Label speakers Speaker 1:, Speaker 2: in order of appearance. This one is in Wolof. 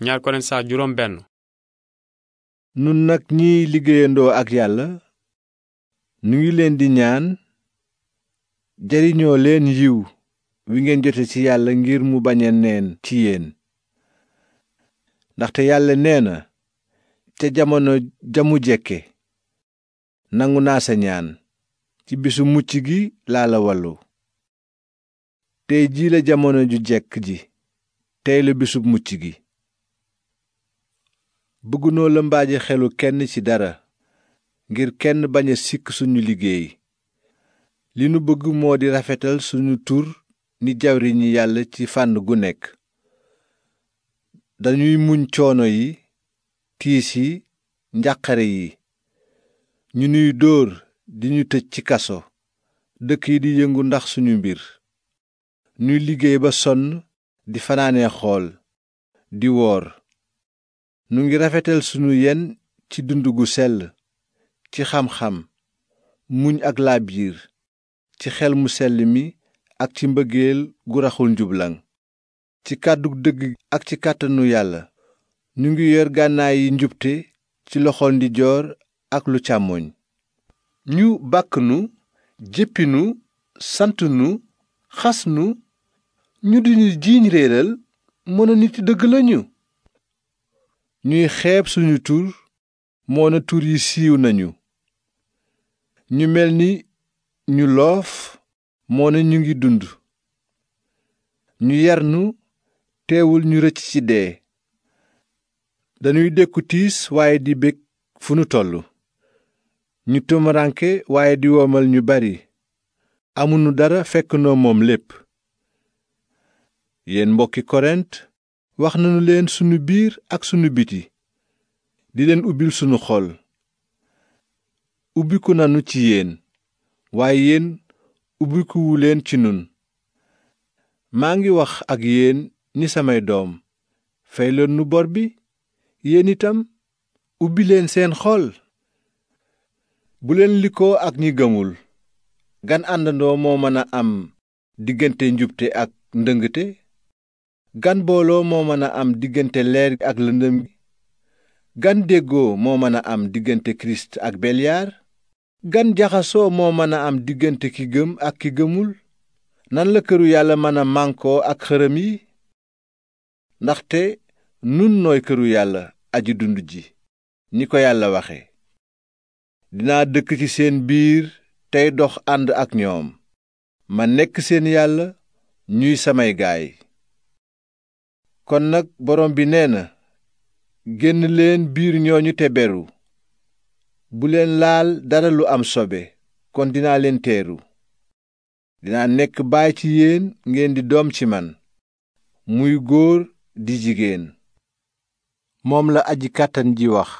Speaker 1: ñaar Korint saa nun nag ñiy liggéeyandoo ak yàlla nu ngi leen di ñaan jariñoo leen yiw wi ngeen jote ci yàlla ngir mu bañ neen ci yéen ndaxte yàlla nee na ca jamono jamu jekke nangu naa sa ñaan ci bisu mucc gi laa la wallu tey jii la jamono ju jekk ji tey la bisub mucc gi bëggunoo la lëmbaaje xelu kenn ci dara ngir kenn bañ a sikk suñu liggéey li nu bëgg moo di rafetal suñu tur ni jawriñ yi yàlla ci fànn gu nekk dañuy muñ coono yi tiis yi njàqare yi ñu nuy dóor di ñu tëj ci kaso dëkk yi di yëngu ndax suñu mbir ñuy liggéey ba sonn di fanaane xool di woor nu ngi rafetal sunu yenn ci dund gu sell ci xam-xam muñ ak laabiir ci xel mu sell mi ak ci mbëggeel gu raxul njublaŋ ci kàddu dëgg ak ci kàttanu yàlla nu ngi yor gànnaay yi njubte ci loxol ndijoor ak lu càmmooñ ñu bàkk nu jéppi nu sant nu xas nu ñu di ñu jiiñ réeral mën a nit dëgg lañu ñuy xeeb suñu tur moona tur yi siiw nañu ñu mel ni ñu loof moona ñu ngi dund ñu yarnu teewul ñu rëcc ci dee dañuy dékku tiis waaye di bég fu nu toll ñu tumaranke waaye di womal ñu bari amunu dara fekk noo moom lépp yéen mbokki korent wax nanu leen sunu biir ak sunu biti di leen ubbil sunu xol ubbiku nanu ci yéen waaye yéen ubbikuwu leen ci nun maa ngi wax ak yéen ni samay doom fay leen nu bor bi yéen itam ubbileen seen xol bu leen likoo ak ñi gëmul gan àndandoo moo mën a am diggante njubte ak ndëngte gan booloo moo mën a am diggante leer ak lëndëm gi gan déggoo moo mën a am diggante kirist ak beliar gan jaxasoo moo mën a am diggante ki gëm ak ki gëmul nan la këru yàlla mën a mànkoo ak xërëm yi ndaxte nun nooy këru yàlla aji dund ji ni ko yàlla waxe dinaa dëkk ci seen biir tey dox ànd ak ñoom ma nekk seen yàlla ñuy samay gaay kon nag borom bi nee na génn leen biir ñooñu te beru bu leen laal dara lu am sobe kon dinaa leen teeru dinaa nekk baay ci yéen ngeen di doom ci man muy góor di jigéen moom la aji kàttan ji wax